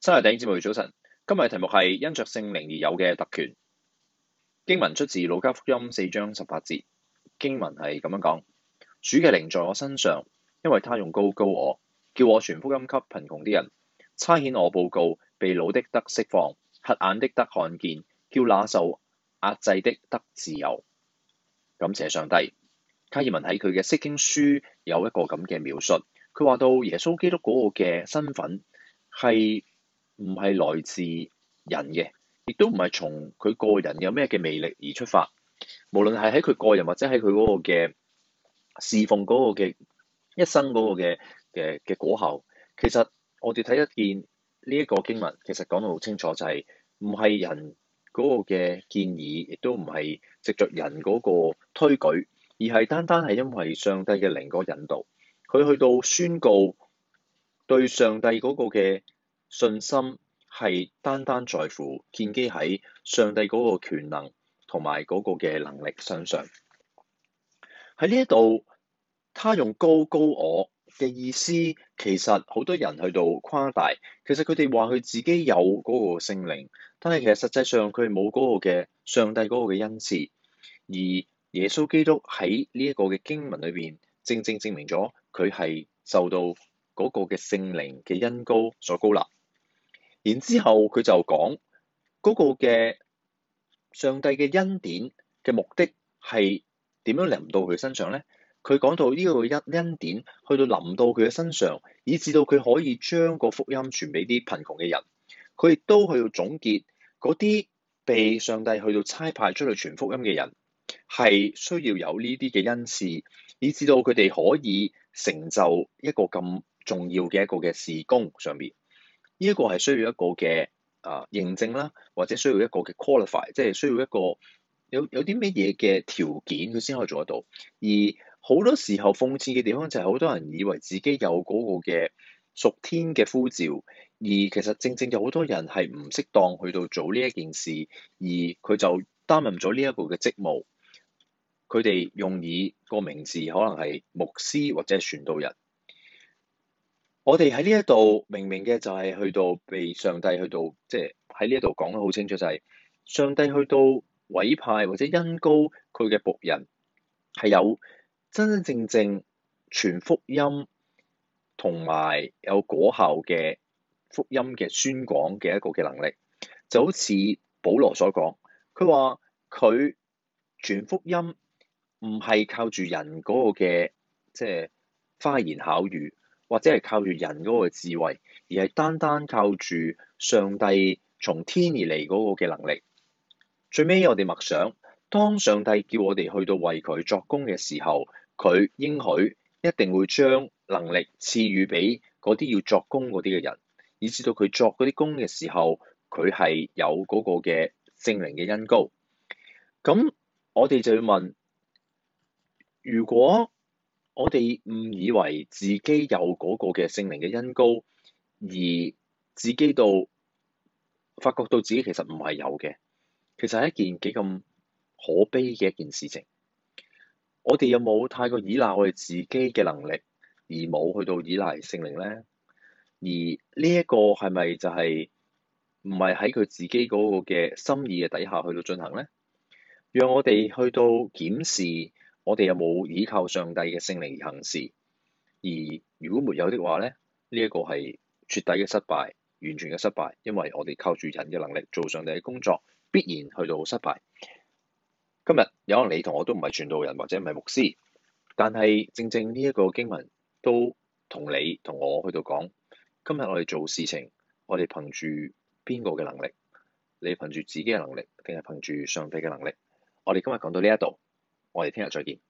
真係頂，姊妹早晨。今日嘅題目係因着聖靈而有嘅特權。經文出自《路加福音》四章十八節。經文係咁樣講：主嘅靈在我身上，因為他用膏膏我，叫我傳福音給貧窮啲人，差遣我報告被擄的得釋放，瞎眼的得看見，叫那受壓制的得自由。感謝上帝。卡爾文喺佢嘅釋經書有一個咁嘅描述，佢話到耶穌基督嗰個嘅身份係唔係來自人嘅，亦都唔係從佢個人有咩嘅魅力而出發。無論係喺佢個人或者喺佢嗰個嘅侍奉嗰個嘅一生嗰個嘅嘅嘅果效，其實我哋睇一見呢一個經文，其實講得好清楚，就係唔係人嗰個嘅建議，亦都唔係藉着人嗰個推舉，而係單單係因為上帝嘅靈個引導，佢去到宣告對上帝嗰個嘅。信心係單單在乎建基喺上帝嗰個權能同埋嗰個嘅能力身上。喺呢一度，他用膏膏我嘅意思，其實好多人去到誇大，其實佢哋話佢自己有嗰個聖靈，但係其實實際上佢冇嗰個嘅上帝嗰個嘅恩賜。而耶穌基督喺呢一個嘅經文裏邊，正正證明咗佢係受到嗰個嘅聖靈嘅恩膏所膏立。然之後，佢就講嗰個嘅上帝嘅恩典嘅目的係點樣臨到佢身上咧？佢講到呢個恩恩典去到臨到佢嘅身上，以至到佢可以將個福音傳俾啲貧窮嘅人。佢亦都去到總結嗰啲被上帝去到差派出去傳福音嘅人，係需要有呢啲嘅恩賜，以至到佢哋可以成就一個咁重要嘅一個嘅事工上面。呢一個係需要一個嘅啊認證啦，或者需要一個嘅 qualify，即係需要一個有有啲乜嘢嘅條件，佢先可以做得到。而好多時候諷刺嘅地方就係好多人以為自己有嗰個嘅屬天嘅呼召，而其實正正有好多人係唔適當去到做呢一件事，而佢就擔任咗呢一個嘅職務。佢哋用以個名字可能係牧師或者係傳道人。我哋喺呢一度明明嘅就係去到被上帝去到，即係喺呢一度講得好清楚，就係、是、上帝去到委派或者恩膏佢嘅僕人，係有真真正正傳福音同埋有、有果效嘅福音嘅宣講嘅一個嘅能力，就好似保羅所講，佢話佢傳福音唔係靠住人嗰個嘅即係花言巧語，或者係靠住人嗰個智慧，而係單單靠住上帝從天而嚟嗰個嘅能力。最尾我哋默想，當上帝叫我哋去到為佢作工嘅時候，佢應許一定會將能力賜予俾嗰啲要作工嗰啲嘅人，以至到佢作嗰啲工嘅時候，佢係有嗰個嘅聖靈嘅恩膏。咁我哋就要問，如果，我哋誤以為自己有嗰個嘅聖靈嘅恩膏，而自己到發覺到自己其實唔係有嘅，其實係一件幾咁可悲嘅一件事情。我哋有冇太過依賴我哋自己嘅能力，而冇去到依賴聖靈咧？而呢一個係咪就係唔係喺佢自己嗰個嘅心意嘅底下去到進行咧？讓我哋去到檢視。我哋有冇倚靠上帝嘅聖靈而行事？而如果沒有的話咧，呢、呢、一個係徹底嘅失敗，完全嘅失敗，因為我哋靠住人嘅能力做上帝嘅工作，必然去到失敗。今日，有可能你同我都唔係傳道人或者唔係牧師，但係正正呢一個經文都同你同我去到講，今日我哋做事情，我哋憑住邊個嘅能力？你憑住自己嘅能力，定係憑住上帝嘅能力？我哋今日講到呢一度。我哋聽日再見。